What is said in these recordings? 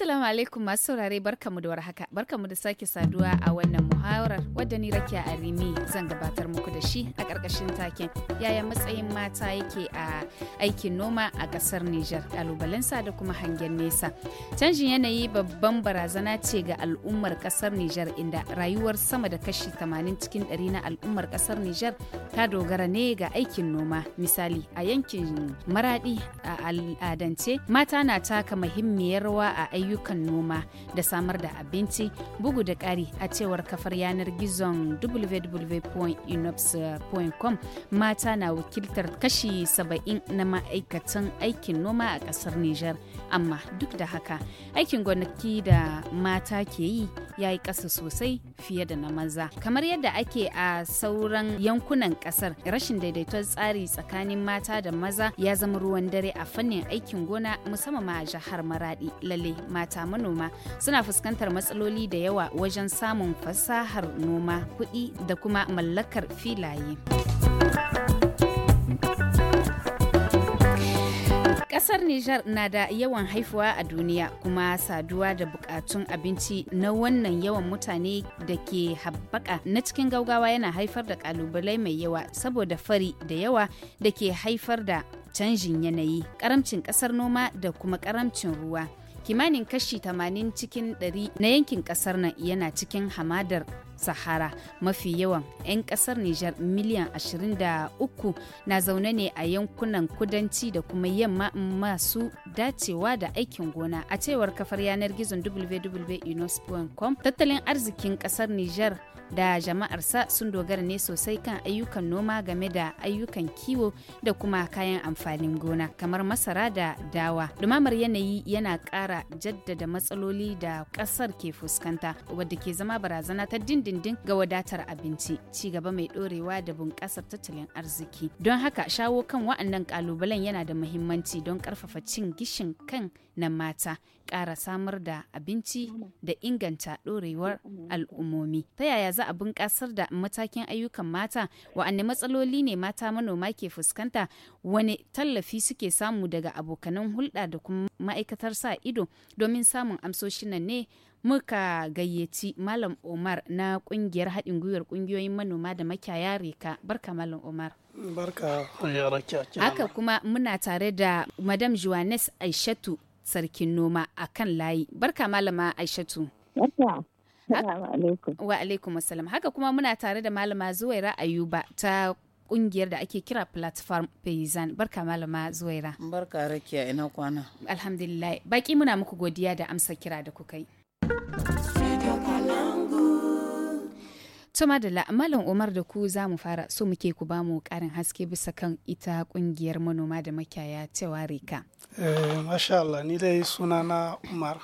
Assalamu alaikum masu saurare barkamu da warhaka. Barkamu da sake saduwa a wannan muhawarar wadda ni a Arimi zan gabatar muku da shi a karkashin taken yaya matsayin mata yake a aikin noma a ƙasar Nijar kalubalensa da kuma hangen nesa. Canjin yanayi babban barazana ce ga al'ummar kasar Nijar inda rayuwar sama da kashi 80 cikin 100 na al'ummar kasar Nijar ta dogara ne ga aikin noma. Misali a yankin Maradi a al'adance mata na taka muhimmiyar rawa a ayyukan ayyukan noma da samar da abinci bugu da ƙari a cewar kafar yanar gizon www.inops.com mata na wakiltar kashi 70 na ma'aikatan aikin noma a ƙasar Nijar amma duk da haka aikin gonaki da mata ke yi ya yi ƙasa sosai fiye da na maza kamar yadda ake a sauran yankunan ƙasar rashin daidaiton tsari tsakanin mata da maza ya zama ruwan dare a fannin aikin gona musamman ma a jihar maradi lalle mata manoma suna fuskantar matsaloli da yawa wajen samun fasahar noma kuɗi da kuma mallakar filaye. ƙasar Nijar na da yawan haifuwa a duniya kuma saduwa da bukatun abinci na wannan yawan mutane da ke haɓaka na cikin gaugawa yana haifar da ƙalubale mai yawa saboda fari da yawa da ke haifar da canjin yanayi, karamcin ƙasar noma da kuma karamcin ruwa. kimanin kashi 80 cikin 100 na yankin kasar nan yana cikin hamadar sahara mafi yawan 'yan kasar nijar miliyan 23 na zaune ne a yankunan kudanci da kuma yamma masu dacewa da aikin gona a cewar kafar yanar gizon www.unesco.com tattalin arzikin kasar nijar da jama'arsa sun dogara ne sosai kan ayyukan noma game da ayyukan kiwo da kuma kayan amfanin gona kamar masara da dawa. Dumamar yanayi yana ƙara jaddada matsaloli da ƙasar ke fuskanta wadda ke zama barazana ta dindindin ga wadatar abinci ci gaba mai ɗorewa da bunƙasar tattalin arziki. Don haka shawo kan wa'annan ƙalubalen yana da muhimmanci don ƙarfafa cin gishin kan na mata ƙara samar da abinci da inganta ɗorewar al'ummomi ta yaya za a bunƙasar da matakin ayyukan mata wa'anne matsaloli ne mata manoma ke fuskanta wani tallafi suke samu daga abokanan hulɗa da kuma ma'aikatar sa ido domin samun amsoshin nan ne muka gayyaci malam omar na ƙungiyar haɗin gwiwar ƙungiyoyin manoma da makiyaya reka barka malam omar barka haka kuma muna tare da madam joannes aishatu sarkin noma a kan layi barka malama aishatu wa alaikum haka kuma muna tare da malama zuwaira ayuba ta kungiyar da ake kira platform paysan barka malama zuwaira barka rakiya ina kwana alhamdulillah baki muna muku godiya da amsa kira da kuka yi To Madalla, Malam Umar da ku za mu fara so muke ku ba mu karin haske bisa kan ita kungiyar manoma da makiyaya cewa reka. Eh, masha Allah, ni dai sunana Umar.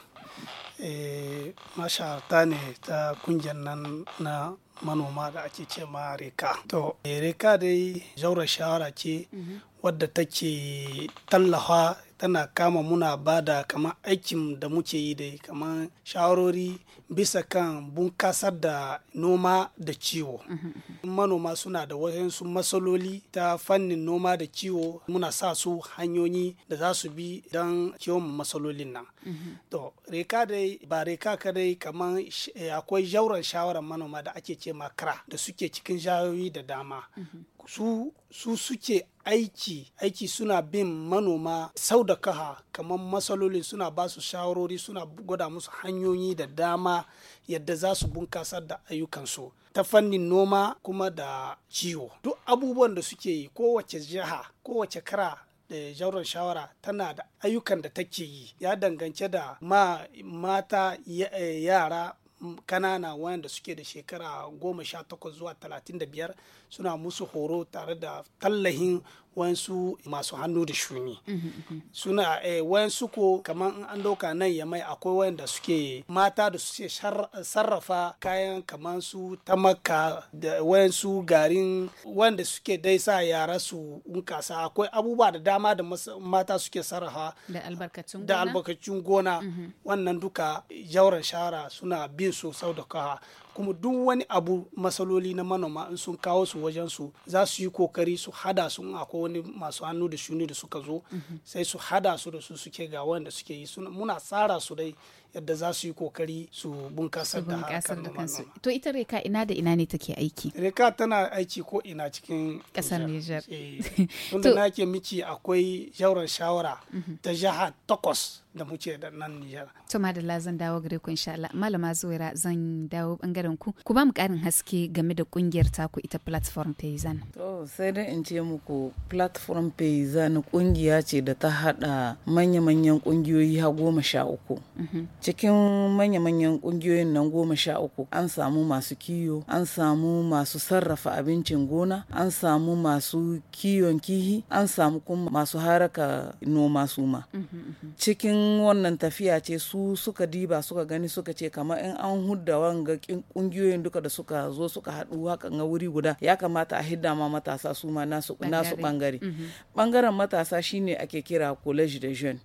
Eh, masha ta ne ta kungiyar nan na manoma da ake ce ma reka. To, eh, reka dai jaura shawara ce mhm. wadda take tallafa tana kama muna ba da kamar aikin da muke yi dai kamar shawarori bisa kan bunkasar da noma da ciwo mm-hmm. manoma suna da wasu matsaloli ta fannin noma da ciwo muna sa su hanyoyi da za su bi don ciwon matsalolin nan mm-hmm. to reka dai ba reka kadai kamar eh, akwai jauran shawarar manoma da ake ce makara da suke cikin jayoyi da dama mm-hmm. su su suke aiki aiki suna bin manoma sau da kaha kamar matsaloli suna ba su shawarori suna gwada musu hanyoyi da dama yadda za su bunkasar da ayyukansu ta fannin noma kuma da ciwo duk abubuwan da suke yi kowace jiha kowace kara da jauron shawara tana da ayyukan da take yi ya dangance da ma mata eh, yara kanana wanda suke da shekara goma sha takwas zuwa talatin da biyar suna musu horo tare da tallahin wayansu masu hannu da shuni suna eh, wayansu ko kamar an dauka nan yamai akwai wayanda suke mata da suke sarrafa kayan kamar su tamaka da wayansu garin wanda suke dai sa yara su unkasa akwai abubuwa da dama da mata suke sarrafa da albarkacin gona mhm. wannan duka jauran shara suna bin su sau da kaha kuma duk wani abu masaloli na manoma in sun kawo su wajen su za su yi kokari su hada su akwai wani masu hannu da shuni da suka zo mhm. sai su hada su da su suke ga wanda suke yi muna tsara su dai yadda za su yi kokari su bunkasar da harkar kansu to ita reka ina da ina ne take aiki reka tana aiki ko ina cikin kasar Niger eh. tunda na ke miki akwai shauran shawara mhm. ta jaha takwas da muke da nan Nijar. To madalla zan dawo gare ku insha Allah. Malama Zuwaira zan dawo bangaren ku. Ku ba mu karin haske game da kungiyar taku ita platform Payzan. To sai dai in ce muku platform Payzan kungiya ce da ta hada manya-manyan kungiyoyi ha goma sha uku. Mhm. cikin manya-manyan kungiyoyin nan goma sha uku an samu masu kiyo an samu masu sarrafa abincin gona an samu masu kiyon kihi an samu kuma masu haraka noma suma cikin wannan tafiya ce su suka diba suka gani suka ce kamar in an hudda wanga kungiyoyin duka da suka zo suka haɗu hakan ga wuri guda ya kamata a hidda ma matasa suma nasu bangare bangaren matasa shine ake kira college de jeune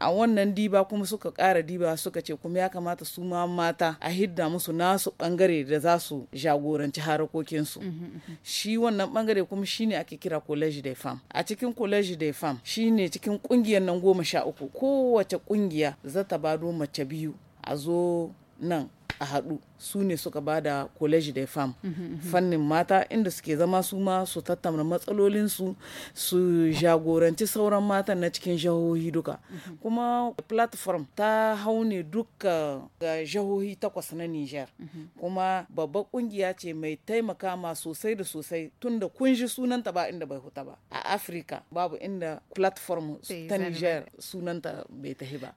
a wannan diba kuma suka kara diba suka ce kuma ya kamata su ma mata a hidda musu nasu bangare da za su jagoranci harakokinsu mhm, mhm, mhm. shi wannan bangare kuma shine ake kira college de fam a cikin college de shi shine cikin kungiyar nan goma sha uku kowace kungiya za ta bado mace biyu a zo nan a haɗu su ne suka ba da college da fam fannin mata inda suke zama su ma su tattauna matsalolinsu su jagoranci sauran mata na cikin jihohi duka kuma platform ta haune duka ga jihohi takwas na niger kuma babbar kungiya ce mai taimaka ma sosai da sosai tunda kun ji sunanta ba inda bai huta ba a afirka babu inda platform ta niger sunanta bai tahi ba.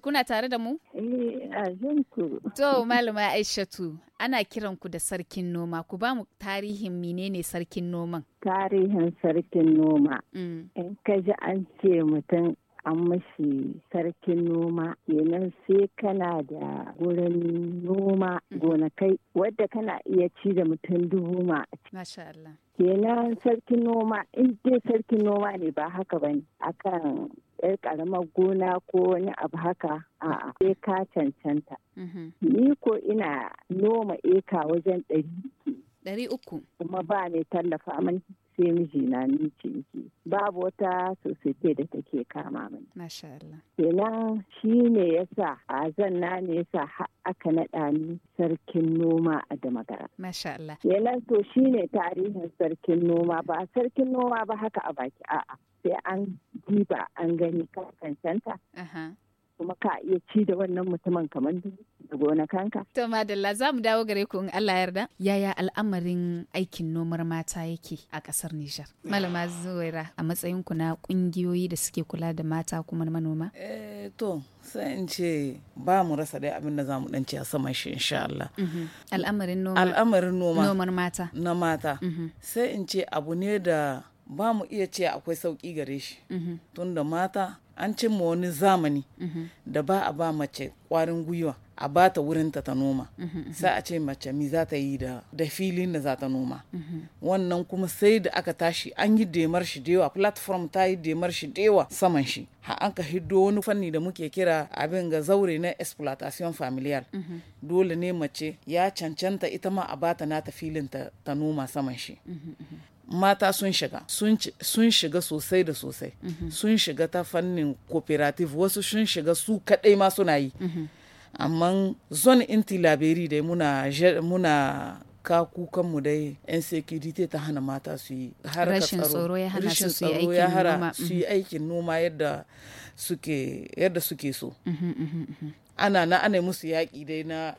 kuna tare da mu? Eh, to malama Aishatu ana kiran ku da sarkin noma ku ba mu tarihin menene sarkin noman? Tarihin sarkin noma. Mm. In ka ji an ce mutum an mashi sarkin noma kenan sai kana da wurin noma mhm. gonakai wadda kana iya ci da mutum dubu ma kenan sarkin noma in dai sarkin noma ne ba haka ba ne akan yar karamar gona ko wani abu haka a sai ka cancanta mhm. ni ko ina noma eka wajen ɗari uku kuma ba mai tallafa mani sai mijina ni ce yake babu wata sosai da take kama mini masha shi ne shine yasa a zanna ne yasa aka naɗa ni sarkin noma a damagara. Masha Kenan to shine tarihin sarkin noma ba sarkin noma ba haka a baki a'a sai an diba an gani kan cancanta. kuma ka iya ci da wannan mutumin kamar da gonakanka. To Madalla za mu dawo gare ku in Allah yarda. Yaya al'amarin aikin nomar mata yake a kasar Nijar? Malama Zuwaira a matsayin ku na ƙungiyoyi da suke kula da mata kuma manoma? Eh to sai in ce ba mu rasa dai abin da za mu ci a saman shi insha Allah. Mhm. Al'amarin noma. Al'amarin noma. Nomar mata. Na mata. Mhm. Sai in ce abu ne da ba mu iya ce akwai sauƙi gare shi. Mhm. Tunda mata an cimma wani zamani mhm. da ba a ba mace kwarin gwiwa a ba ta wurinta ta noma sai mhm, mhm, a ce mace mi za ta yi da filin da za ta noma wannan kuma sai da aka tashi an yi demar shi dewa platform ta yi demar shi dewa saman shi ha an ka hiddo wani fanni da muke kira abin ga zaure na exploitation familiar dole ne mace ya cancanta ita ma a ba bata nata filin ta noma saman shi mata sun shiga sun shiga sosai da sosai mhm. sun shiga ta fannin cooperative wasu sun shiga su kadai ma suna yi mhm. amma zone inti labiri dai muna muna ka dai yan security ta hana mata su yi rashin tsaro ya hana su yi mhm. aikin noma yadda suke yadda suke so ana na ana musu yaƙi dai na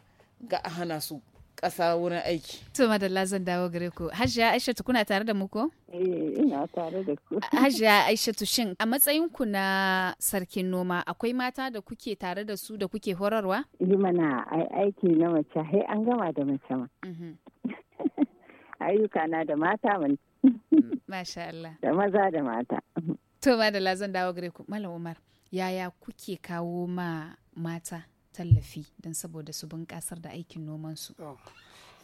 ga a hana su ƙasa wurin aiki. To madalla zan dawo gare ku. Hajiya Aishatu kuna tare da mu ko? Eh ina tare da ku. Hajiya Aishatu shin a matsayin ku na sarkin noma akwai mata da kuke tare da su da kuke horarwa? Yi mana aiki na mace hai an gama da mace ma. Mhm. Ayyuka na da mata mun. Mm, masha Allah. Da maza da mata. To madalla zan dawo gare ku. Malam Umar yaya kuke kawo ma mata tallafi don saboda su bunƙasar da aikin nomansu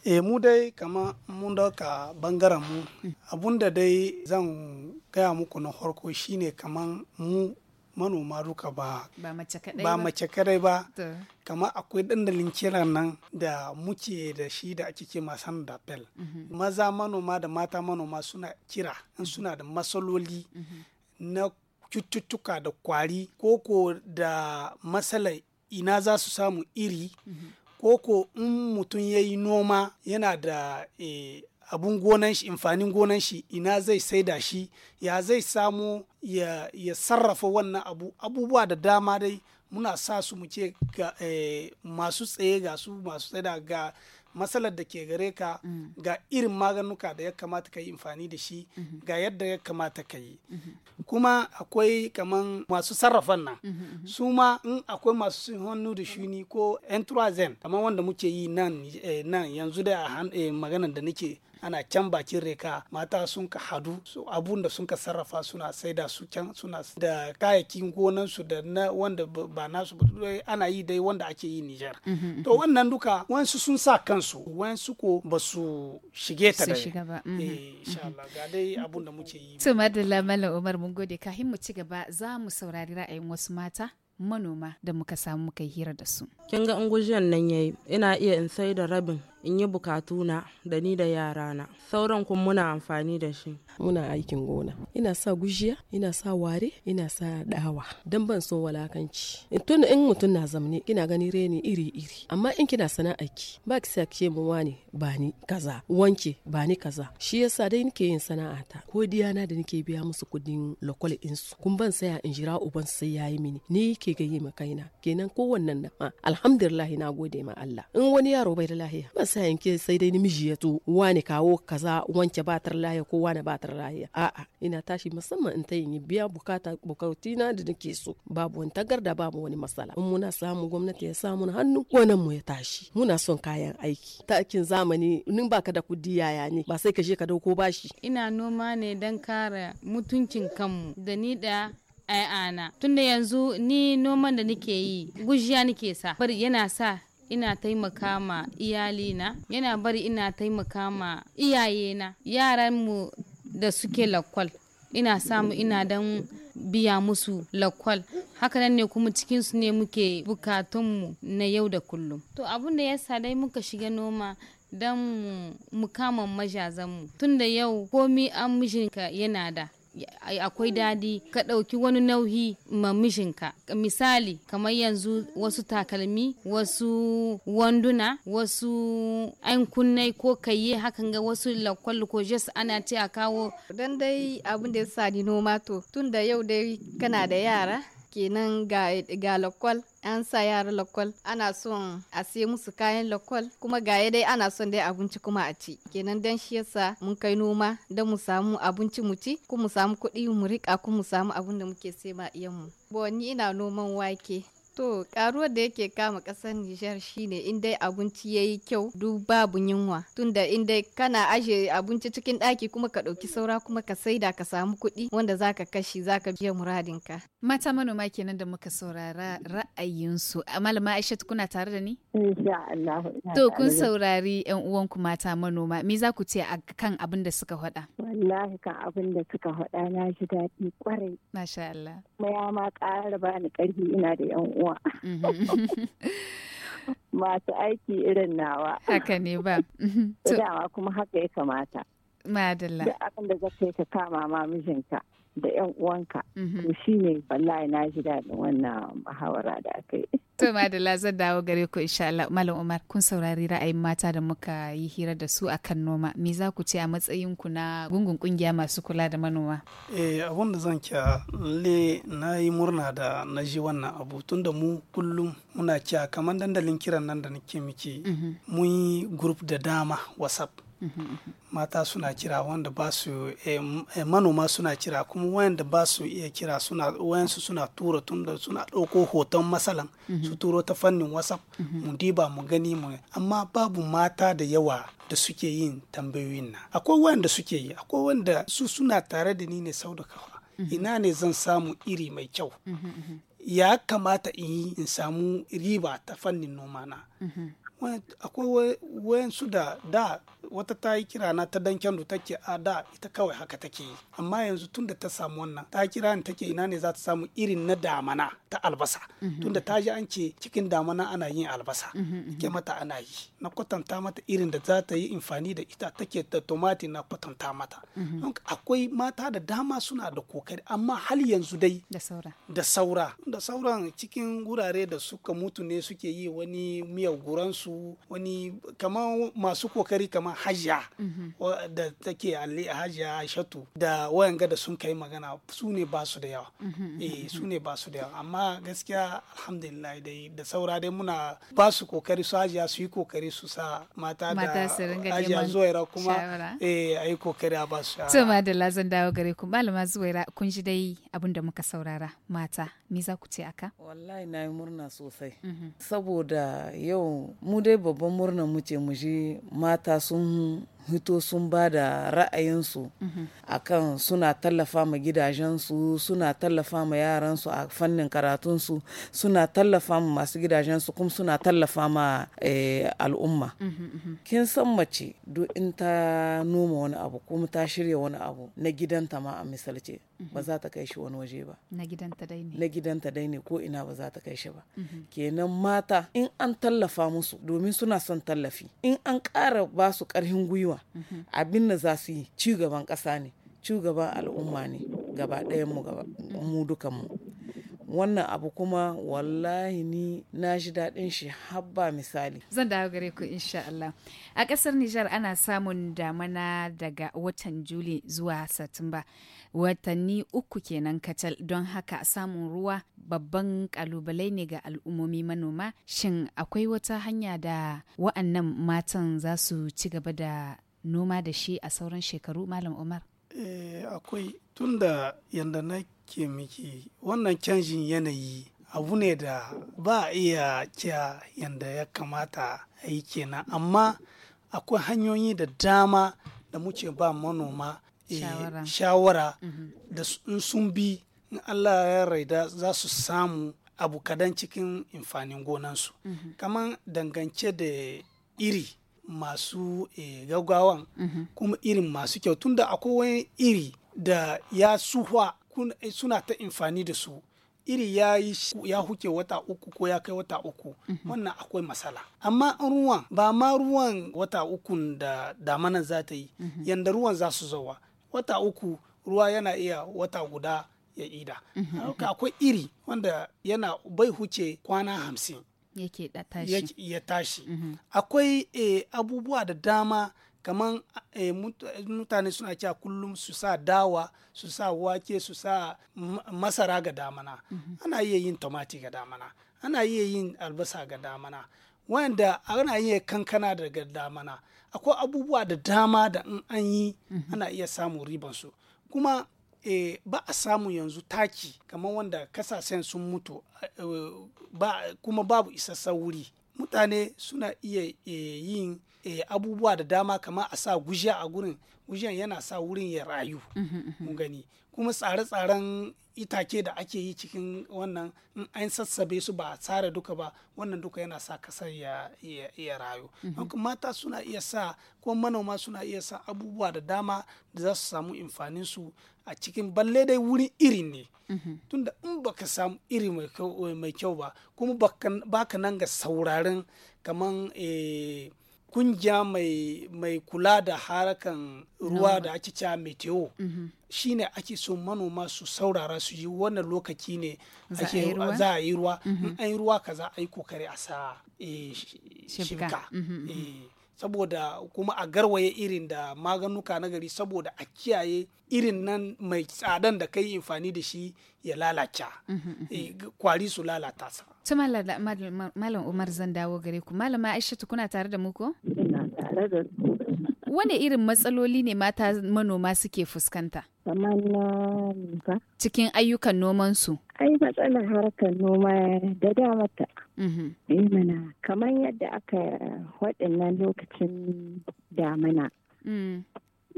e mu dai kama mun dauka bangaren mu da dai zan gaya muku na harko shine kaman mu manoma duka ba ba mace kadai ba kama akwai dandalin kira nan da muke da shi da ake ke masan da pel mhm. maza manoma da mata manoma suna kira mhm. suna da matsaloli mhm. na cututtuka da kwari koko da matsalar ina za su samu iri koko in mutum ya yi noma yana da eh, abun gonan shi amfanin gonan shi ina zai saida shi ya zai samu ya, sarrafa wannan abu abubuwa da dama dai muna sa su mu ce ga eh, masu tsaye ga su masu tsaye ga matsalar da ke gare ka mm. ga irin maganuka da ya kamata ka yi amfani da shi mm-hmm. ga yadda ya kamata ka yi mm-hmm. kuma akwai kaman masu sarrafan nan mm-hmm, su ma in akwai masu hannu da shuni ko entrazen kamar wanda muke yi nan eh, yanzu da eh, maganar da nake ana can bakin reka mata sun ka hadu su abun da sun ka sarrafa suna saida su can suna da kayakin gonan su da na wanda ba nasu ana yi dai wanda ake yi Nijar mm-hmm, mm-hmm. to wannan duka wansu sun sa kansu wansu ko ba su shige ta dai mm-hmm, eh, insha Allah ga dai abun da muke yi to madalla mallam Umar mun gode kahin mu ci gaba za mu saurari ra'ayin wasu mata manoma da muka samu muka hira da su kin ga ungujiyan nan yayi ina iya in sai da rabin in yi bukatuna da ni da yarana sauran kuma muna amfani da shi muna aikin gona ina sa gujiya ina sa ware ina sa dawa dan ban son walakanci tun in mutum na zamne kina gani reni iri iri amma in kina sana'aki ba ki sa mu wani ba ni kaza wanke ba ni kaza shi yasa dai nake yin sana'ata ko diyana da nake biya musu kudin lokal su. kun ban saya in jira uban sai yayi mini ni ke yi ma kaina kenan kowannen na alhamdulillah na gode ma Allah in wani yaro bai da lahiya sa yanke sai dai namiji ya zo wani kawo kaza wanke batar lahiya ko wani batar lahiya a'a ina tashi musamman in ta yin biya bukata na da nake so babu wani tagarda babu wani matsala in muna samu gwamnati ya samu hannu wannan mu ya tashi muna son kayan aiki takin zamani nin baka da kudi yaya ne ba sai ka je ka dauko bashi ina noma ne dan kare mutuncin kanmu da ni da ai ana tunda yanzu ni noman da nake yi gujiya nake sa bari yana sa ina taimaka ma iyalina yana bari ina taimaka ma iyayena yaran mu da suke lakwal ina samu ina dan biya musu lakwal hakanan ne kuma cikinsu ne muke bukatunmu na yau da kullum to abin da yasa dai muka shiga noma don mu kama tun tunda yau komi an mijinka yana da akwai dadi ka ɗauki wani nauyi ma mijinka misali kamar yanzu wasu takalmi wasu wanduna wasu an kunnai ko kayi hakan ga wasu lakwal ko jes ana ce a kawo dan dai abin da ya sa ni noma to tun da yau dai kana da yara kenan ga, ga lokwal an sa yara lokwal ana son a sai musu kayan lokwal kuma ga dai ana son dai abinci kuma a ci kenan dan shi yasa mun kai noma dan mu samu abinci mu ci kuma mu samu kuɗi mu riƙa kuma mu samu abin da muke sai ma iyanmu. Bo ni ina noman wake To karuwar da yake kama kasar Nijar shine in dai abinci ya yi kyau duk babu yunwa tunda in dai kana aje abinci cikin ɗaki kuma ka ɗauki saura kuma ka saida ka samu kuɗi wanda zaka kashi zaka biya muradinka. Mata manoma kenan da muka saurara ra'ayinsu. Malama Aisha kuna tare da ni? Insha Allah. To kun saurari yan uwanku mata manoma me za ku ce kan abin da suka faɗa? Wallahi kan abin da suka faɗa na ji daɗi kwarai. Masha Allah. Maya ma ƙara bani ƙarfi ina da yan uwa. damuwa mm-hmm. masu aiki irin nawa haka ne ba mm-hmm. dama kuma haka ya kamata madalla Da abin da zaka yi ka kama ma mijinka da yan uwanka mhm. to shine wallahi na ji daɗin wannan muhawara da aka yi to madalla zan dawo gare ku insha Allah malam Umar kun saurari ra'ayin mata da muka yi hira da su akan noma me za ku ce a matsayin ku na gungun kungiya masu kula da manoma eh abun da zan kya le na yi murna da na ji wannan abu tun da mu kullum muna kya kamar dandalin kiran nan da nake miki mhm. mun yi group da dama whatsapp mata suna kira wanda ba su eh, eh, manoma suna kira kuma wayanda ba su iya kira suna wayansu suna tura tun da suna ɗauko hoton masalan su mhm. turo ta fannin whatsapp mhm. mu diba mu gani mu amma babu mata da yawa da suke yin tambayoyin na. akwai wanda suke yi akwai wanda su suna tare da ni ne sau da kawa mhm. ina ne zan samu iri mai kyau ya kamata in yi in samu riba ta fannin noma na akwai wayansu da da wata ta yi kira na ta dan kyandu take a da ita kawai haka take yi amma yanzu tunda ta samu wannan ta kira ni take ina ne za ta samu irin na damana ta albasa mhm. tunda ta ji an ce cikin damana ana yin albasa ke mhm, mhm. mata ana yi na kwatanta mata irin da za ta yi amfani da ita take da tomati na kwatanta mata akwai mata da dama suna da kokari amma hal yanzu dai da saura da saura da sauran cikin wurare da suka mutu ne suke yi wani miyar guransu wani kamar masu kokari kamar hajiya mhm. da take hajiya shatu da wayanga da sun kai magana su ne ba su da yawa mhm, mhm, eh, su ne ba su da yawa amma gaskiya alhamdulillah dai da saura dai muna ba su kokari su hajiya su yi kokari su sa mata da hajiya zuwaira kuma eh, a ayi kokari a ba su to da lazan dawo gare ku malama zuwaira kun ji dai abin da muka saurara mata me za ku ce aka wallahi na yi murna sosai saboda yau mu dai babban murna mu ce mu ji mata sun うん hito sun ba da ra'ayinsu mhm. kan suna tallafa ma gidajensu suna tallafa ma yaransu a fannin karatunsu suna tallafa ma masu gidajensu kuma suna tallafa ma eh, al'umma mhm, mhm. kin san mace duk in ta noma wani abu kuma ta shirya wani abu na gidanta ma a misalce ba za ta kai shi wani waje ba na gidanta dai ne ko ina ba za ta kai shi ba kenan mata in an tallafa musu domin suna son tallafi in an ƙara ba su ƙarfin gwiwa zuwa abin da za su yi ci gaban ƙasa ne ci gaban al'umma ne gaba ɗayan mu dukanmu wannan abu kuma wallahi ni na ji daɗin shi habba misali. Zan dawo gare ku insha Allah. A ƙasar Nijar ana samun damana daga watan Juli zuwa Satumba. Watanni uku kenan kacal don haka samun ruwa babban kalubale ne ga al'ummomi manoma. Shin akwai wata hanya da wa'annan matan za su ci gaba da noma da shi a sauran shekaru malam umar eh, akwai tun da yadda na ke miki wannan canjin yanayi abu ne da ba a iya kya yadda ya kamata a yi kenan amma akwai hanyoyi da dama da muke ba manoma eh, shawara mhm. da in sun bi in allah ya raida za su samu abu kadan cikin amfanin gonansu mhm. kamar dangance da iri masu e, gaggawan mhm. kuma irin masu kyau tunda akwai iri da ya suhwa eh, suna ta amfani da su iri ya yi ya huke wata uku ko ya kai wata uku mhm. wannan akwai masala. amma ruwan ba ma ruwan wata ukun da damanan za ta yi mhm. yanda ruwan za su zowa wata uku ruwa yana iya wata guda ya ida akwai iri wanda yana bai huce kwana hamsin yake da tashi ya tashi mm-hmm. akwai eh, abubuwa da dama kamar eh, mutane suna cewa kullum su sa dawa su sa wake su sa masara ga damana mm-hmm. ana iya yin tomati ga damana ana iya yin albasa ga damana wanda ana iya kankana daga damana akwai abubuwa da dama da in an yi mm-hmm. ana iya samun ribansu kuma e, ba a samu yanzu taki kamar wanda kasashen sun mutu eh, ba, kuma babu isa wuri mutane suna iya eh, yin abubuwa da dama kamar a sa gujiya a gurin wujen yana sa wurin ya rayu mhm, mhm. mun gani kuma tsare-tsaren itake da ake yi cikin wannan in an sassabe su ba a tsara duka ba wannan duka yana sa kasar ya, ya, rayu mhm. mata suna iya sa ko manoma suna iya sa abubuwa da dama da za su samu imfanin su a cikin balle dai wurin irin ne tunda in baka samu iri mai kyau ba kuma baka nan ga sauraren kaman eh, kungiya mai kula da harakan ruwa da ake cewa meteo mhm. shine ake so manoma su saurara su yi wannan lokaci ne za a yi ruwa in mhm. an yi ruwa ka za a yi kokari a sa eh, shimka saboda kuma a garwaye irin da maganuka na gari saboda a kiyaye irin nan mai tsadan da kai amfani da shi ya lalaca mm-hmm, mm-hmm. eh, kwari su lalata sa. Tu malam Umar zan dawo gare ku malama Aisha kuna tare da mu Ina tare da Wane irin matsaloli ne mata manoma suke fuskanta? Cikin ayyukan nomansu? Ai matsalar harkar noma da damata. Mm-hmm. Eh, kamar yadda aka waɗannan lokacin damana. Mm.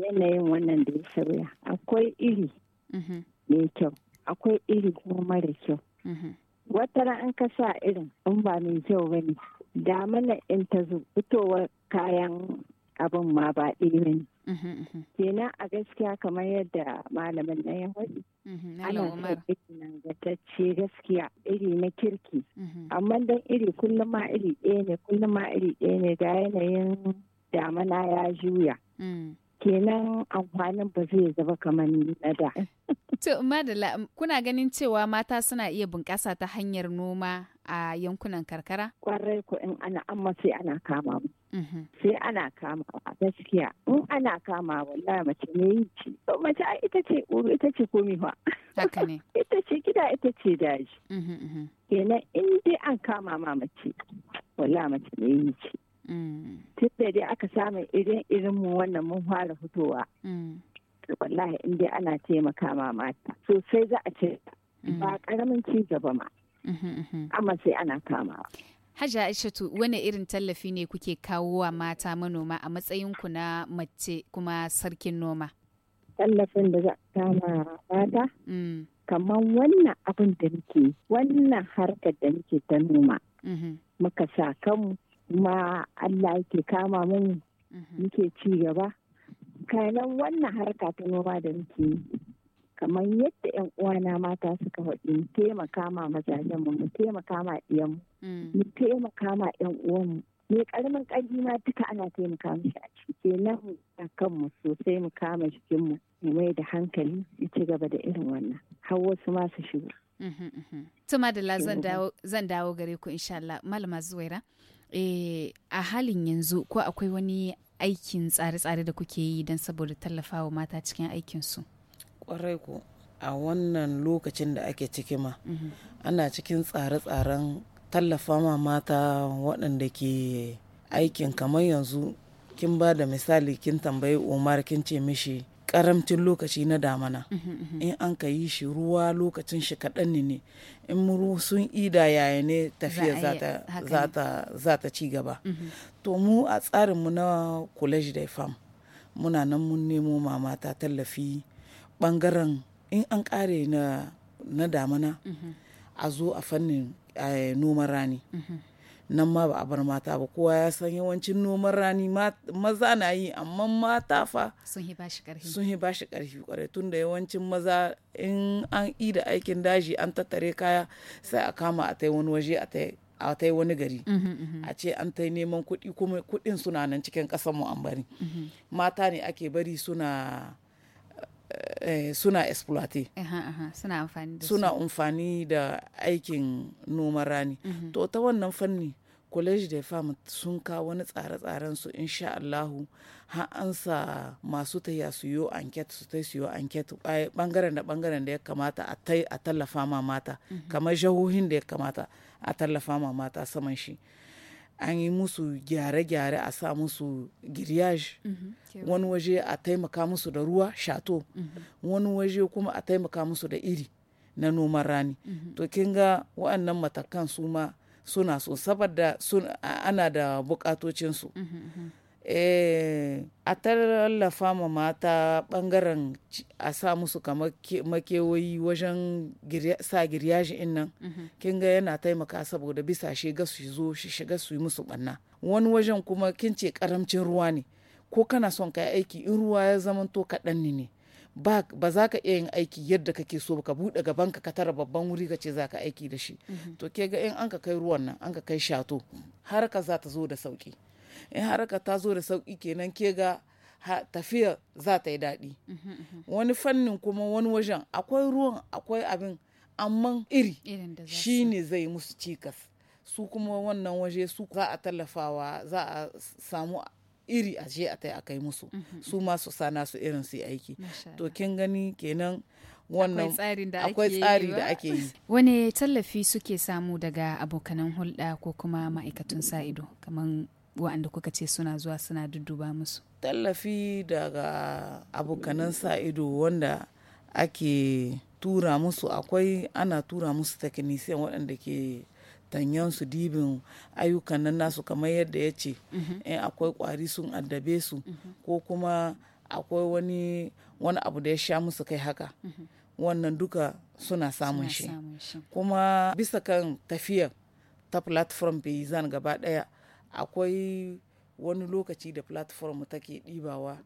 Yanayin wannan da ya sauya. Akwai iri mm-hmm. mai kyau, akwai iri kuma mara kyau. Mm-hmm. Wata an ka sa irin in ba mai kyau ba ne. Damana in ta zo fitowar kayan abin ma ba ɗaya ne. Uhm, uhm, uhm. Kenan a gaskiya kamar yadda malamin na ya faɗi. Ana ingantacce gaskiya iri na kirki. Amma don iri kullum ma iri ɗaya ne kullum ma iri ɗaya ne ga yanayin damana ya juya. kenan amfanin ba zai zaba kamar na da. To, Madala, kuna ganin cewa mata suna iya bunƙasa ta hanyar noma a yankunan karkara? Kwarai ko in ana amma sai ana kama mu. Mm-hmm. sai ana kama gaskiya in ana kama wallahi mace ne yi ce mace ita ce ita ce komi fa haka ne ita ce gida ita ce daji mm-hmm, mm-hmm. kenan in dai an kama ma mace wallahi mace ne yi ci mm. tun da dai aka samu irin irin mu wannan mun fara fitowa mm. wallahi in dai ana taimaka ma mata sosai za a ce ba karamin ci gaba ma amma sai ana kamawa Hajja Aishatu wani irin tallafi ne kuke kawo wa mata manoma a matsayinku na mace kuma sarkin noma? Tallafin da za a kama mata? Mm. Kamar wannan abin da muke, wannan harkar da muke ta noma. Mm-hmm. Muka sa kanmu, ma Allah yake kama mun mm-hmm. muke ci gaba. Kanan wannan harka ta noma da muke kamar yadda 'yan uwana mata suka faɗi mu taimaka ma mazajen mu mu taimaka ma ɗiyan mu mm. taimaka ma 'yan uwanmu mai karamin ƙarfi ma duka ana taimaka mishi a cike kenan a kanmu sosai mu kama jikinmu mu mai da hankali su ci gaba da irin wannan har wasu ma su shigo. Mm-hmm, mm-hmm. Tuma da zan dawo gare ku insha Allah malama zuwaira eh, a halin yanzu ko akwai wani aikin tsare-tsare da kuke yi don saboda tallafawa mata cikin aikinsu. su. Kwarai ku a wannan lokacin da ake ciki ma mhm. ana cikin tsare-tsaren tallafa ma mata waɗanda ke aikin kamar yanzu kin ba da misali kin tambayi Umar kin ce mishi karamcin lokaci na damana mhm, mhm. in an ka yi shi ruwa lokacin shi kaɗan ne in muru sun ida yaya ne tafiya za ta ci gaba to mu a tsarin mu na college da fam, muna nan mun nemo mata tallafi bangaren in an kare na na damana mhm. a zo a fannin eh, noman rani mhm. nan ma ba a bar mata ba kowa ya san yawancin noman rani maza na yi amma mata fa sun yi bashi karfi tunda kwarai tun da yawancin maza in an yi da aikin daji an tattare kaya sai a kama a tai wani waje a tai a wani gari mhm, a ce an tai neman kuɗi kuma kuɗin suna nan cikin ƙasar mu an bari mata ne ake bari suna eh, suna exploite suna amfani da aikin noman rani mhm. to ta wannan fanni college da fam sun kawo wani tsare-tsaren su insha Allahu ha'ansa an masu ta su yo anket su ta su yo anket bangaren da bangaren da ya kamata a tallafa ma mata mhm. kamar jahohin da ya kamata a tallafa ma mata saman shi an yi musu gyare-gyare a sa musu giriyaj mhm, wani waje a taimaka musu da ruwa shato mhm. wani waje kuma a taimaka musu da iri na noman rani mhm. to kin ga wa'annan matakan su ma suna so saboda ana da bukatocinsu Eh, a tallafa ma mata bangaren a sa musu kamar makewayi wajen sa giryaji in nan mhm. kin ga yana taimaka saboda bisa shiga su zo shi shiga su yi musu banna wani wajen kuma kin ce karamcin ruwa ne ko kana son ka aiki in ruwa ya zamanto kaɗan ne ba za ka iya yin aiki yadda kake so ka buɗe gaban ka tara babban wuri ka ce za ka aiki da shi mhm. to ke ga in an ka kai ruwan nan an ka kai shato har ka za ta zo da sauki in haraka ta zo da sauƙi kenan ke ga tafiya za ta yi daɗi wani fannin kuma wani wajen akwai ruwan akwai abin amma iri shi ne zai musu cikas su kuma wannan waje su za a tallafawa za a samu iri a je a tai a kai musu su ma su sana su irin su aiki to kin gani kenan wannan akwai tsari da ake yi wane tallafi suke samu daga abokanan hulɗa ko kuma ma'aikatan sa ido kamar waɗanda kuka ce suna zuwa suna dudduba musu tallafi daga abokanan sa ido wanda ake tura musu akwai ana tura musu technician waɗanda ke tanyan su dibin ayyukan nan nasu kamar yadda ya ce mhm. in akwai kwari sun addabe su mhm. ko kuma akwai wani wani abu da ya sha musu kai haka mhm. wannan duka suna samun shi kuma bisa kan tafiyar ta platform zan gaba daya akwai wani lokaci da platform take ɗibawa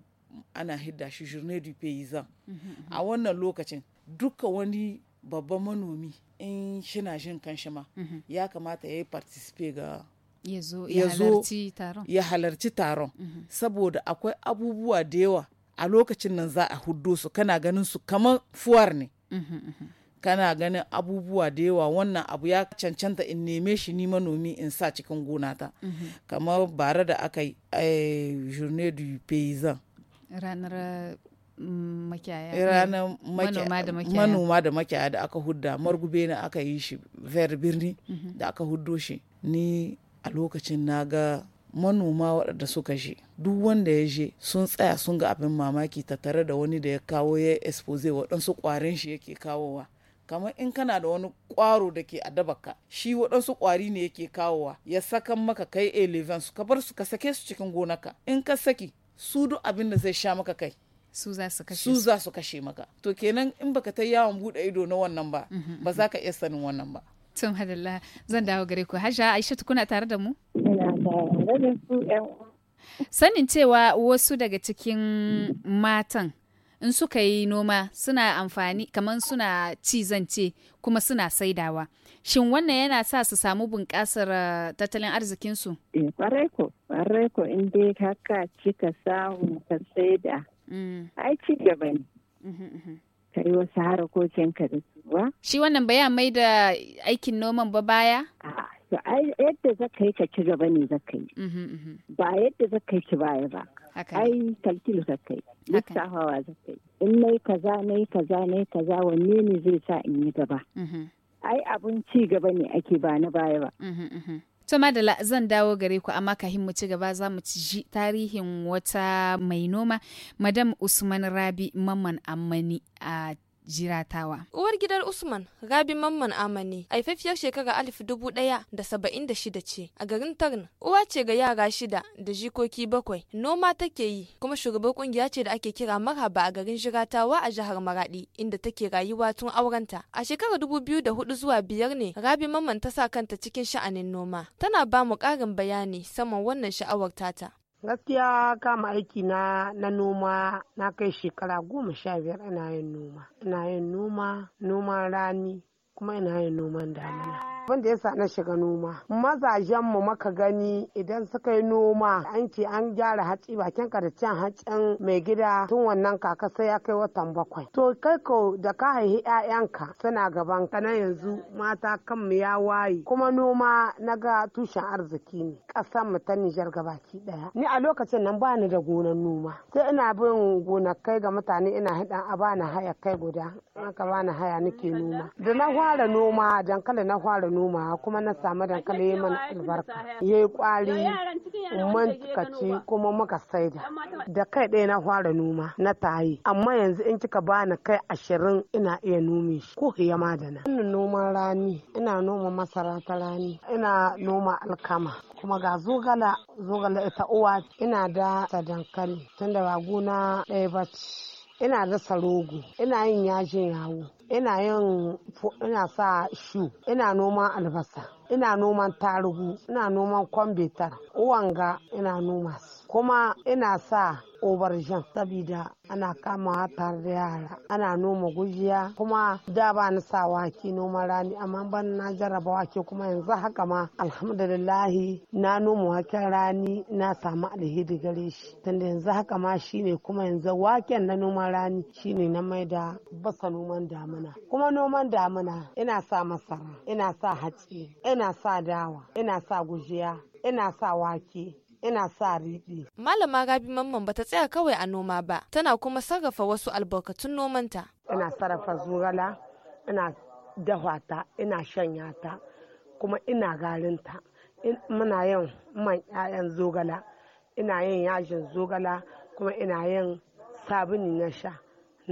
ana hidda shi journée du paysan a wannan lokacin duka wani babban manomi in shina jin kanshi ma ya kamata ya yi participate ga ya zo ya halarci taron saboda akwai abubuwa da yawa a lokacin nan za a huddo su kana ganin su kamar fuwar ne kana ganin abubuwa da yawa wannan abu ya cancanta in neme shi ni manomi in sa cikin gona ta. Mhm. kamar bare da aka yi eh, journée du paysan ranar mm, makiyaya ranar manoma da makiyaya da aka hudda margube na aka yi shi ver birni mhm. da aka huddo shi ni a lokacin na ga manoma waɗanda suka je duk wanda ya je sun tsaya sun ga abin mamaki ta tare da wani da ya kawo ya expose waɗansu ƙwarin shi yake kawowa kamar in kana da wani kwaro da ke adabarka shi waɗansu kwari ne yake kawowa ya sakan maka kai eleven su ka bar su ka sake su cikin gonaka in ka saki su duk abin da zai sha maka kai su za su kashe maka to kenan in baka ta yawon bude ido na wannan ba mm-hmm, ba mm-hmm. za ka iya sanin wannan ba tun hadalla zan dawo gare ku hajja aisha kuna tare da mu sanin cewa wasu daga cikin matan in suka yi noma suna amfani kamar suna ci zance kuma suna saidawa shin wannan yana sa su samu bunƙasar eh, tattalin arzikinsu? Eh, ƙwarai ko inda ko in dai haka cika samu ka saida mm. ai ci gaba ne mhm, mhm. ka yi wasu harakokin ka da shi ba. Shi wannan baya mai da aikin noman ba baya? yadda za ka yi ka ci gaba ne za ka yi. Mhm, ba yadda za ka yi ki baya ba. ai kalkilu ka yi lissafawa ka in nai kaza nai kaza nai kaza wanne ne zai sa in yi gaba mm-hmm. ai abun ci gaba ne ake ba na baya ba mm-hmm, mm-hmm. To Madala zan dawo gare ku amma kahin mu ci gaba za mu ji tarihin wata mai noma Madam Usman Rabi Mamman Ammani a jiratawa. Uwar gidan Usman Rabi Mamman Amani haifafiyar shekara alif dubu ɗaya da saba'in da shida ce a garin Tarn. Uwa ce ga yara shida da jikoki bakwai. Noma take yi kuma shugabar kungiya ce da ake kira Marhaba a garin Jiratawa a jihar Maradi inda take rayuwa tun aurenta. A shekarar dubu biyu da hudu zuwa biyar ne Rabi Mamman ta sa kanta cikin sha'anin noma. Tana ba mu ƙarin bayani saman wannan sha'awar tata. Gaskiya kama aiki na na noma na kai shekara goma sha biyar ina yin noma. Ina yin noma, noman rani, kuma ina yin noman damina. abin da yasa na shiga noma mazajen mu maka gani idan suka yi noma an ce an gyara hatsi bakin ka da can hatsin mai gida tun wannan kaka sai ya kai watan bakwai to kai ko da ka haihi ƴaƴanka suna gaban ka na yanzu mata kan mu ya waye kuma noma na ga tushen arziki ne Ƙasan mu ta Nijar gabaki ɗaya ni a lokacin nan bani da gonan noma sai ina bin gonakai ga mutane ina haɗa a bani haya kai guda aka bani haya nake noma da na fara noma dankali na fara noma kuma na samu dankali ya mana albarka ya yi kwari man kaci kuma muka saida da kai ɗaya na fara noma na tayi amma yanzu in kika bani kai ashirin ina iya nome shi ko ya ma da na ina noman rani ina noma masara ta rani ina noma alkama kuma ga zogala zogala ita uwa ina da dankali tunda ba gona ɗaya ba ina rasa rogo ina yin yajin yawo ina yin ina sa shu ina noman albasa ina noman tarugu ina noman kwambetar uwanga ina noma su kuma ina sa obarjan saboda ana kamawa tare da yara ana noma gujiya kuma da ba ni sa wake noma rani amma ban na jarraba wake kuma yanzu haka ma alhamdulillahi na noma waken rani na samu alheri gare shi tunda yanzu haka ma shine kuma yanzu waken na noma rani shine na mai da basa noman damuna kuma noman damuna ina sa masara ina sa hatsi ina sa dawa ina sa gujiya ina sa wake ina sa riɗi. Malama Gabi Mamman bata tsaya kawai a noma ba, tana kuma sarrafa wasu albarkatun nomanta. Ina sarrafa zurala, ina dafa ta, ina shanya ta, kuma ina garinta. Muna yin man 'ya'yan zogala, ina yin yajin zogala, kuma ina yin sabuni na sha.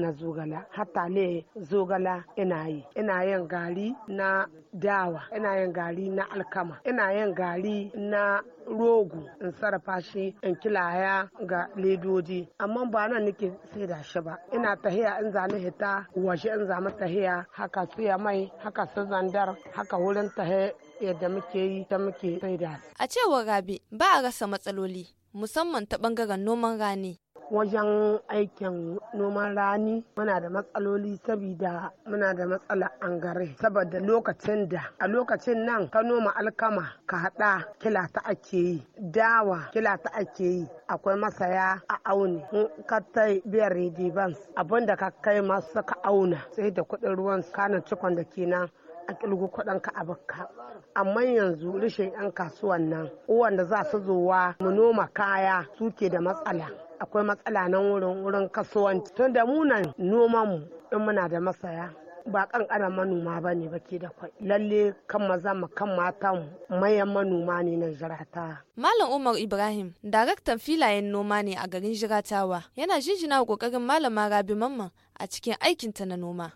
na zogala hatta ne zogala ina yi ina yin gari na dawa ina yin gari na alkama ina yin gari na rogo in sarrafa shi in kilaya ga ledoji amma ba nan nake sai da shi ba ina tahiya in zani hita washe in zama tahiya haka suya mai haka su zandar haka wurin tahe yadda muke yi ta muke sai da a cewa rabi ba a rasa matsaloli musamman ta bangaren noman rani wajen aikin noman rani muna da matsaloli saboda muna da matsalar angare saboda lokacin da a lokacin nan ka noma alkama ka hada kila ta ake yi dawa kila ta ake yi akwai masaya a auni in ka tai biyar redivans abin da ka kai masu ka auna sai da kuɗin ruwan kana cikon da kenan a ƙilgu kuɗin ka a bakka amma yanzu rashin 'yan kasuwan nan wanda za su zowa mu noma kaya suke da matsala akwai matsala nan wurin wurin kasuwanci tun da munan noman mu in muna da masaya ba kankana manoma ba ne baki da kwai lalle kan maza mu kan mata mu mayan manoma ne na jirata malam umar ibrahim daraktan filayen noma ne a garin jiratawa yana jinjina kokarin malama rabi mamman a cikin aikinta na noma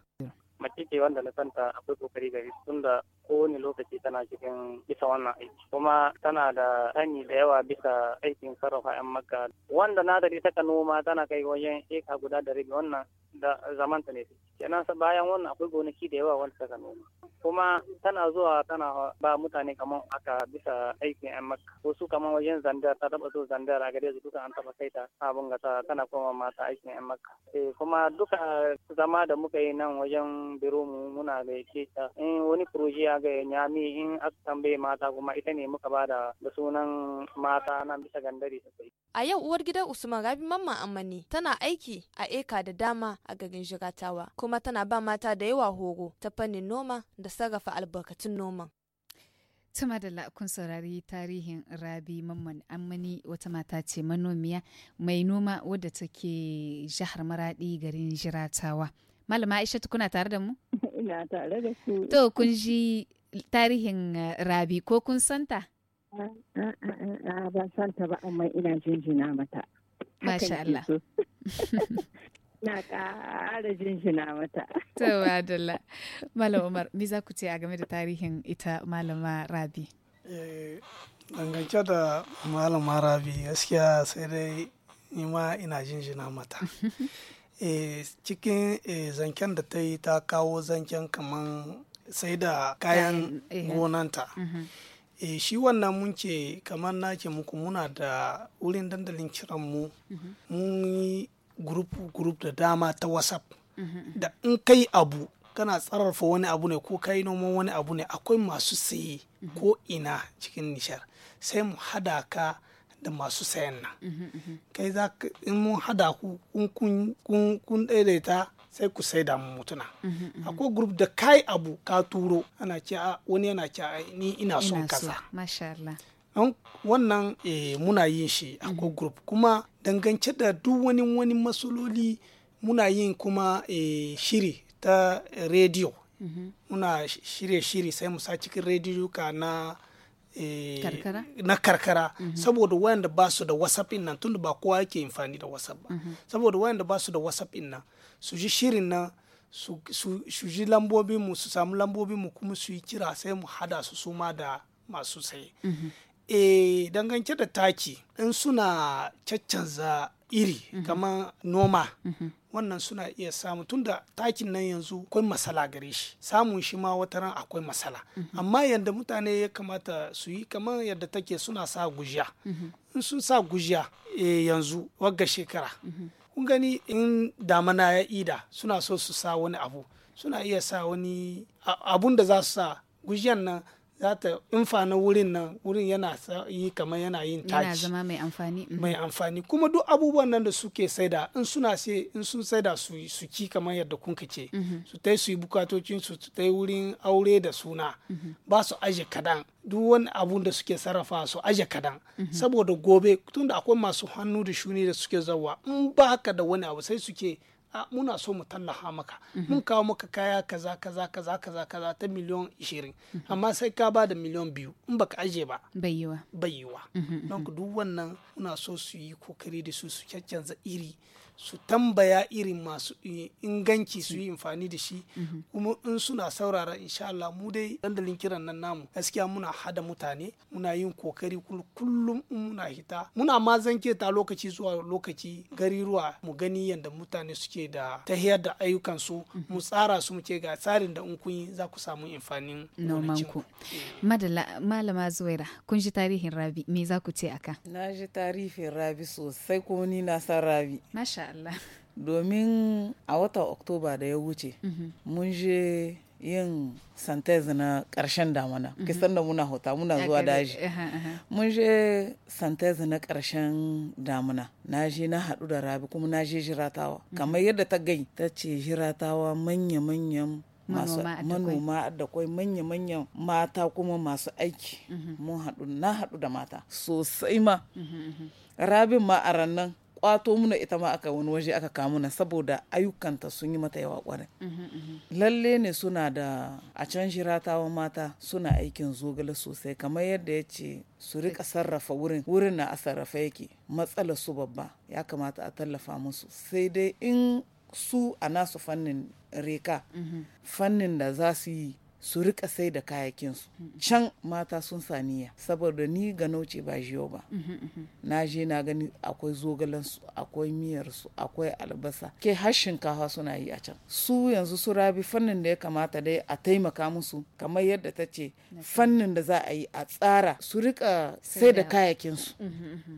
mace ce wanda na santa akwai kokari gari tun da kowane lokaci tana cikin bisa wannan aiki kuma tana da sani da yawa bisa aikin sarrafa 'yan maka. wanda na da ta noma tana kai wajen eka guda da rabi wannan da zamanta ne kenan bayan wannan akwai gonaki da yawa wanda ta noma kuma tana zuwa tana ba mutane kamar aka bisa aikin yan makka wasu kamar wajen zandar ta taba zo zandar a gare su duka an taba kai ta abin ga tana koma mata aikin yan makka eh, kuma duka zama da muka yi nan wajen biro mu muna da ke in wani proje ga nyami in aka tambaye mata kuma ita ne muka bada da sunan mata nan bisa gandare A yau uwar gida Usman Rabi Mamman Amani tana aiki a eka da dama a garin Jiratawa kuma tana ba mata da yawa horo ta fannin noma da sarrafa albarkatun noman. Tuma da kun saurari tarihin Rabi Mamman amani wata mata ce manomiya mai noma wadda take jihar Maradi garin Jiratawa. Malama Aisha kuna tare da mu? ina tare da su. To kun ji tarihin eh, Rabi ko kun santa? A'a ah, ah, ah, ba santa ba amma ina jinjina mata. Masha Allah. Na ƙara jinjina mata. To Adalla. Malam Umar, me za ku ce a game da tarihin ita Malama Rabi? Eh, dangance da Malama Rabi gaskiya sai dai ni ma ina jinjina mata. Eh, cikin eh, zancen da ta yi ta kawo zancen kamar sai da kayan eh. gonanta e, shi wannan mun ce kamar na ce muku muna da wurin dandalin kiranmu mm-hmm. mun yi grup da dama ta whatsapp mm-hmm. da in kai abu kana tsararfa wani abu ne ko kai noman wani abu ne akwai masu saye ko ina cikin nishar sai mu hada ka da masu sayan nan mhm, mhm. kai za in mun hada ku kun daidaita sai ku sai da mutuna mhm, akwai grup da kai abu ka turo ana ce ah, wani yana ce ni ina son kaza wannan eh, muna yin shi akwai group kuma dangance da duk wani wani masololi muna yin kuma eh, shiri ta rediyo muna shirye-shiri sai mu sa cikin rediyo ka na Eh, na karkara mhm. saboda wayanda ba su da whatsapp din nan tunda ba kowa yake amfani da whatsapp ba mhm. saboda wayanda ba su da whatsapp din su ji shirin na su ji lambobin mu su samu lambobin mu kuma su yi kira sai mu hada su suma da masu saye e dangance da taki in suna caccanza iri kamar noma wannan suna iya samu tunda takin nan yanzu akwai masala gare shi samun shi ma wata ran akwai masala mhm. amma yadda mutane ya kamata su yi kamar yadda take suna sa gujiya mhm. in sun sa gujiya eh, yanzu wagga shekara mhm. kun gani in damana ya ida suna so su sa wani abu suna iya sa wani abun da za su sa gujiyan nan za ta na wurin nan wurin yana yi kamar yana yin taci yana zama mai amfani mm-hmm. mai amfani kuma duk abubuwan nan da suke saida in suna sai in sun saida su su ci kamar yadda kun ce mm-hmm. su tai su yi bukatocin su su tai wurin aure da suna mm-hmm. ba su aje kadan duk wani abun da suke sarrafa su aje kadan saboda gobe tunda akwai masu hannu da shuni da suke zawa in ba haka da wani abu sai suke muna so mu tallafa maka mhm. mun kawo maka kaya kaza kaza kaza kaza kaza ta miliyon 20 mhm. amma sai ka ba da miliyon biyu in baka aje ba bayiwa bayiwa mhm, don duk wannan muna so su yi kokari da su su kyakkyanza iri su tambaya irin masu inganci su yi amfani da shi kuma in suna saurara insha Allah mu dai dandalin kiran nan namu gaskiya muna hada mutane muna yin kokari kullum muna hita muna ma zanke ta lokaci zuwa lokaci gariruwa mu gani yadda mutane suke da tahiyar da ayyukan su mu tsara su muke ga tsarin da in kun yi za ku samu amfanin noman ku eh. madalla malama zuwaira kun ji tarihin rabi me za ku ce aka na ji tarihin rabi sosai ko ni na san rabi masha Allah. Domin a watan Oktoba da ya wuce, mhm. mun je yin santez na ƙarshen damuna. Mhm. Kisan da muna hota muna zuwa daji. Mun je santez na ƙarshen damuna. Na je na haɗu da rabi kuma na je jiratawa. Mhm. Kamar yadda ta gai ta ce jiratawa manya-manyan manoma da kwai manya-manyan mata kuma masu aiki mun haɗu na haɗu da mata sosai ma rabin ma a rannan kwato muna ita ma aka wani waje aka kamu na saboda ayyukanta sun yi mata yawa kwarai mhm, mhm. lalle ne suna da a can shiratawa mata suna aikin zogale sosai kamar yadda ya ce su rika sarrafa wurin wurin na a sarrafa yake matsala su babba ya kamata a tallafa musu sai dai in su a nasu fannin reka mhm. fannin da za su yi su rika sai da kayakinsu can mata sun saniya saboda ni ga nauce ba jiyo ba na je na gani akwai zogalansu akwai miyarsu akwai albasa ke har shinkafa suna yi a can su yanzu su rabi fannin da ya kamata dai a taimaka musu kamar yadda ta ce fannin da za a yi a tsara su rika sai da kayakinsu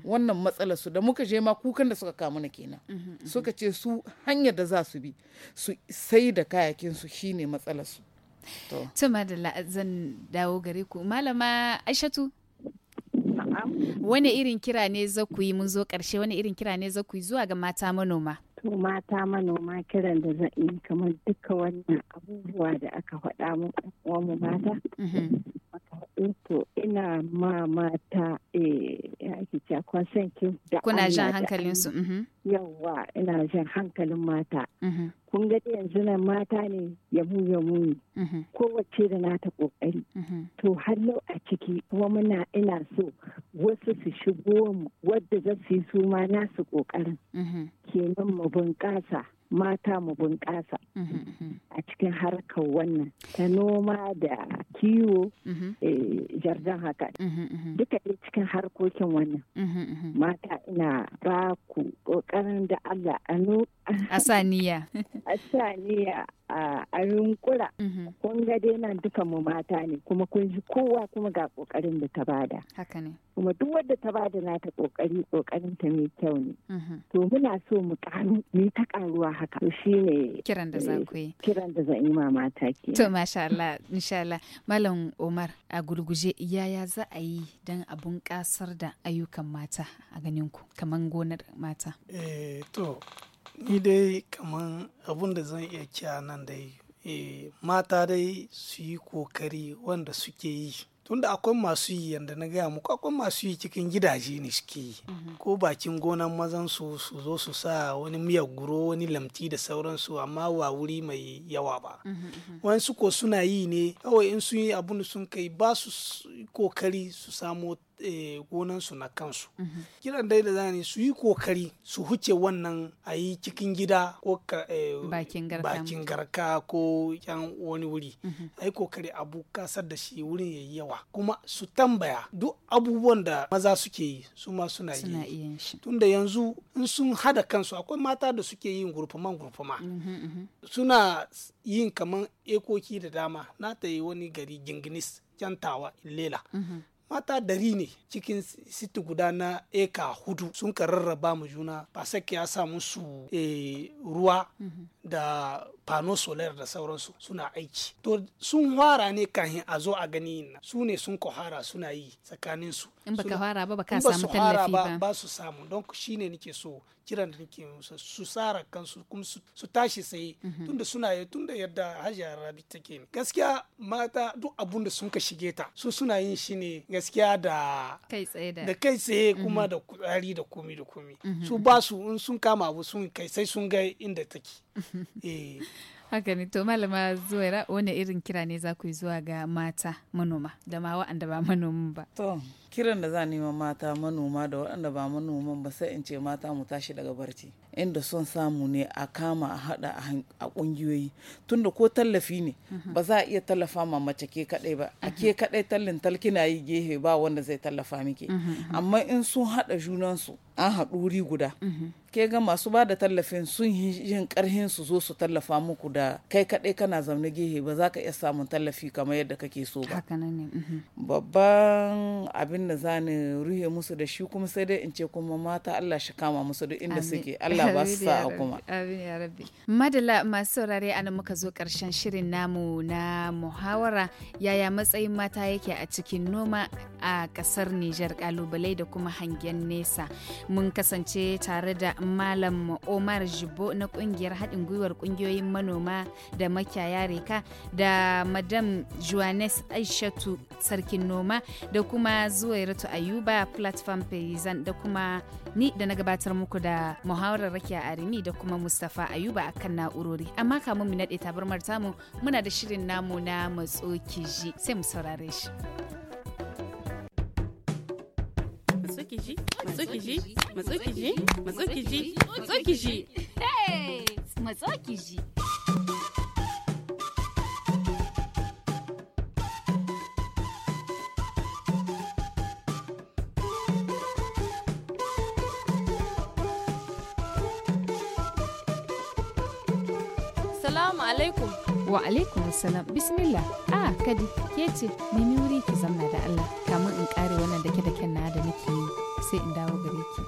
wannan matsalarsu da muka je ma kukan da suka kamu na kenan suka ce su hanyar da za su bi su sai da kayakinsu shine matsalar su to da zan dawo gare ku malama aishatu wani irin kira ne za ku yi mun zo karshe wani irin kira ne za ku yi zuwa ga mata manoma to mata manoma kiran da zan yi kamar duka wannan abubuwa da aka faɗa muku mu mata mhm. to ina ma mata eh, ake cewa consenting da kuna jan su mhm. yawwa ina jan hankalin mata mhm. kun ga yanzu nan mata ne ya mu muni mhm. kowace da na ta kokari mhm. to har yau a ciki kuma muna ina so wasu su shigo mu wadda za su yi su ma nasu kokarin mhm. kenan mu bunƙasa mata mu bunƙasa a cikin harkar wannan ta noma da kiwo eh, jardin haka duka dai cikin harkokin wannan mata ina ba ku ƙoƙarin da Allah a a saniya a saniya a rinkura mhm. kun ga dai nan duka mu mata ne kuma kun ji kowa kuma ga kokarin da ta bada haka ne kuma duk wadda ta bada na ta kokari kokarin ta mai kyau ne mhm. to muna so mu karu mu ta karuwa haka to shine kiran da zan ku eh, kiran da zan yi ma mata ke to masha Allah insha Allah malam Umar a gurguje yaya za a yi dan a bunƙasar da ayyukan mata a ganin ku kaman gonar mata eh to ni dai kaman abun da zan iya kya nan dai e, mata dai su yi kokari wanda suke yi tunda akwai masu yi yadda na gaya muku akwai masu yi cikin gidaje ne suke yi mhm. ko bakin gonan mazan su su zo su sa wani miyar guro wani lamti da sauransu amma wa wuri mai yawa ba mhm, mhm. wasu ko suna yi ne kawai in sun yi abun sun kai ba su kokari su samo Eh, gonansu na kansu mhm. kiran dai da zani su yi kokari su huce wannan a yi cikin gida ko eh, bakin garka ko yan wani wuri mhm. a yi kokari abu kasar da shi wurin ya yi yawa kuma su tambaya duk abubuwan da maza suke yi su ma suna yi tunda yanzu in sun hada kansu akwai mata da suke yin gurfaman gurfama mhm, suna yin kaman ekoki da dama na ta yi wani gari ginginis kyantawa Lela. mata dari ne cikin siti guda na eka hudu sun rarraba mu juna ba sake ya samu su eh, ruwa mhm. da pano solar da sauransu suna aiki to sun fara ne kahin a zo a gani na su ne sun kohara suna yi tsakanin su in ka fara ba ba k'a samu tallafi ba ba su samu don shine nake so kiran da nake su tsara kansu kuma su tashi sai mhm. tunda suna yi tunda yadda hajiya rabi take ne gaskiya mata duk abun da sun ka shige ta su suna yin shi ne gaskiya da kai tsaye da kai tsaye mhm. kuma da kudari da komi da komi mhm. su ba su in sun kama abu sun kai sai sun ga inda take Eh. haka ne to malama zuwaira wani irin kira ne za ku yi zuwa ga mata manoma da ma waɗanda ba manoman ba to kiran da za neman mata manoma da waɗanda ba manoman ba sai in ce mata mu tashi daga barci inda son samu ne a kama a hada a kungiyoyi tunda ko tallafi ne mhm. ba za a iya tallafa ma mace ke kadai ba a ke mhm. kadai tallin talkina yi gehe ba wanda zai tallafa miki mhm, amma in sun hada junansu an haɗu wuri guda ke ga masu ba da tallafin sun yin karhin su zo su tallafa muku da kai kaɗai kana zaune gehe ba za ka iya samun tallafi kamar yadda kake so ba babban abin da za ruhe musu da shi kuma sai dai in ce kuma mata Allah shi kama musu duk inda suke Allah madala ba su kuma amin ya rabbi masu saurare ana muka zo karshen shirin namu na muhawara yaya matsayin mata yake a cikin noma a kasar Nijar kalubalai da kuma hangen nesa mun kasance tare da malam Omar Jibo na kungiyar haɗin gwiwar kungiyoyin manoma da makiyaya reka da madam Joannes Aishatu sarkin noma da kuma Zuwairatu Ayuba platform Paysan da kuma ni da na gabatar muku da muhawarar rakiya arimi da kuma mustafa ayuba akan na'urori amma kamun mu naɗe tabarmar tamu muna da shirin namu na matso kiji sai mu saurare shi Salamu alaikum. Wa alaikum salam bismillah. A ah, kadi ke ce nemi wuri ki zamna da Allah kamun in kare wannan dake daken na da nake yi sai in dawo gare ki.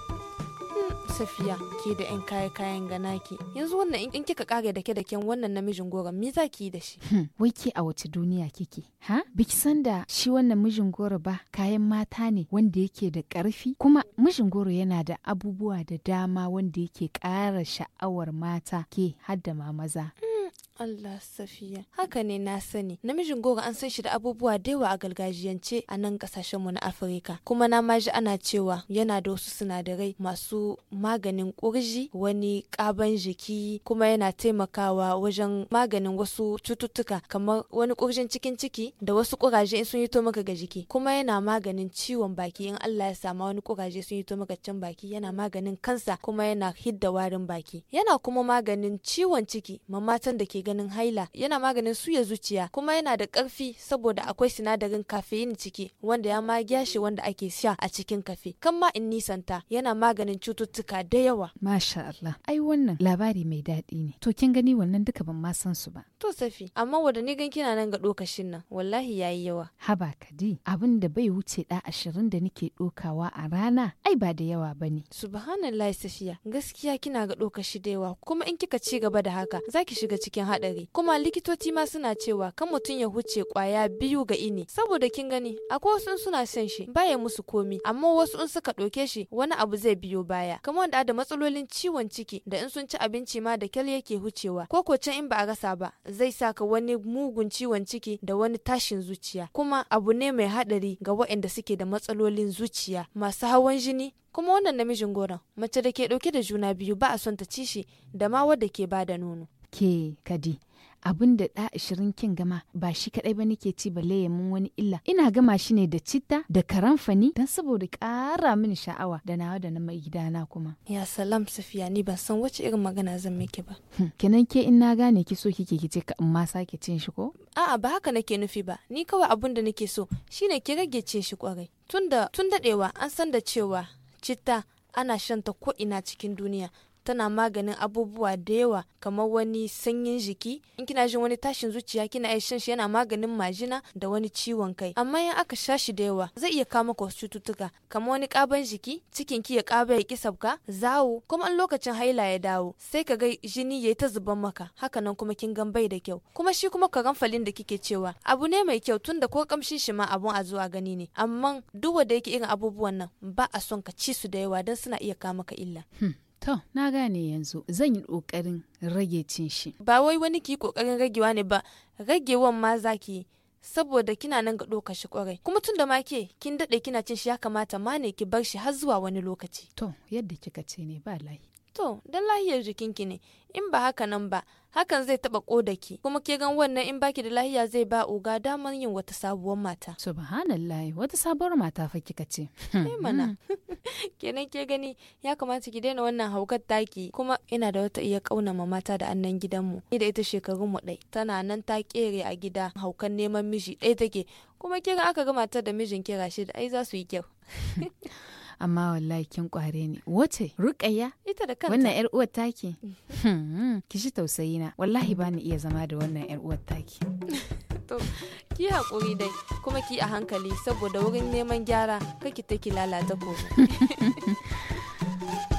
safiya ke da yan kaya kayan gana ki yanzu wannan in kika kare da ke da kyan wannan namijin goron me za ki yi da shi hmm, wai ke a wace duniya kike ha biki san da shi wannan mijin goro ba kayan mata ne wanda yake da karfi kuma mijin goro yana da abubuwa da dama wanda yake ƙara sha'awar mata ke hadda ma maza hmm, Allah safiya. Haka ne na sani. Namijin goro an san shi da abubuwa da yawa a gargajiyance a nan kasashen mu na Afirka. Kuma na ma ana cewa yana da wasu sinadarai masu maganin kurji wani kaban jiki kuma yana taimakawa wajen maganin wasu cututtuka kamar wani kurjin cikin ciki da wasu kuraje in sun yi to maka ga jiki kuma yana maganin ciwon baki in Allah ya sama wani kuraje sun yi to maka can baki yana maganin kansa kuma yana hidda warin baki yana kuma maganin ciwon ciki ma matan da ke maganin haila yana maganin suya zuciya kuma yana da karfi saboda akwai sinadarin kafein ciki wanda ya ma shi wanda ake sha a cikin kafe kan ma in nisanta yana maganin cututtuka da yawa masha Allah ai wannan labari mai daɗi ne to kin gani wannan duka ban ma san su ba to safi amma wanda ni gan kina nan ga dokashin nan wallahi yayi yawa haba kadi abin da bai wuce da ashirin da nake dokawa a rana ai ba da yawa bane subhanallahi safiya gaskiya kina ga dokashi da yawa kuma in kika ci gaba da haka zaki shiga cikin haɗari kuma likitoci ma suna cewa kan mutum ya huce kwaya biyu ga ini saboda kin gani akwai wasu suna son shi baya musu komi amma wasu in suka ɗauke shi wani abu zai biyo baya kamar wanda da matsalolin ciwon ciki da in sun ci abinci ma da kyal yake hucewa ko ko can in ba a gasa ba zai sa ka wani mugun ciwon ciki da wani tashin zuciya kuma abu ne mai haɗari ga waɗanda suke da matsalolin zuciya masu hawan jini kuma wannan namijin goron mace da ke ɗauke da juna biyu ba a son ta ci shi da ma wadda ke ba da nono ke kadi abin da ɗa ashirin kin gama ba shi kaɗai ba nake ci ba ya mun wani illa ina gama shi ne da citta da karamfani don saboda ƙara mini sha'awa da nawa da na mai gidana kuma. ya salam safiya ni ban san wace irin magana zan miki ba. Hmm, kenan ke in na gane ki so kike kice ka amma sake cin shi ko. a'a ba haka nake nufi ba ni kawai abun da nake so shine ki rage cin shi kwarai. tun dadewa an san da cewa citta ana shan ta ko ina cikin duniya tana maganin abubuwa da yawa kamar wani sanyin jiki in kina jin wani tashin zuciya kina iya shan shi yana maganin majina da wani ciwon kai amma in aka sha shi da yawa zai iya kama wasu cututtuka kamar wani kaban jiki cikin ki ya kaba ya sabka zawo kuma in lokacin haila ya dawo sai ka ga jini yayi ta zuban maka Haka nan kuma kin gan bai da kyau kuma shi kuma ka ganfalin da kike cewa abu ne mai kyau tunda ko kamshin shi ma abun a zuwa gani ne amma duk wanda yake irin abubuwan nan ba a son ka ci su da yawa don suna iya kama ka illa hmm. To, na gane yanzu zan yi ƙoƙarin rage cin shi. Ba wai wani ki ƙoƙarin ragewa ne ba, ragewan ma za ki saboda kina nan ga ɗoka ƙwarai. Kuma tun da ma ke, kin daɗe kina cin shi ya kamata ma ne ki bar shi har zuwa wani lokaci. To, yadda kika ce ne ba layi. to don lahiyar jikinki ne in ba haka nan ba hakan zai taba kodaki kuma ke gan wannan in baki da lahiya zai ba oga damar yin wata sabuwar mata subhanallah wata sabuwar mata fa kika ce hmm. eh mana hmm. kenan ke gani ya kamata ki daina wannan haukar taki kuma ina da wata iya kaunama mata da annan gidanmu ni da ita shekarun mu dai tana nan ta kere a gida haukan neman miji dai take kuma kira aka ga matar da mijin kira shi da ai za su yi kyau amma wallahi kin kware ni wace rukayya ita da kanta wannan yar uwar taki mm. hmm, ki ji tausayi na wallahi bani iya zama da wannan yar uwar taki to ki haƙuri dai kuma ki a hankali saboda wurin neman gyara kake take lalata ko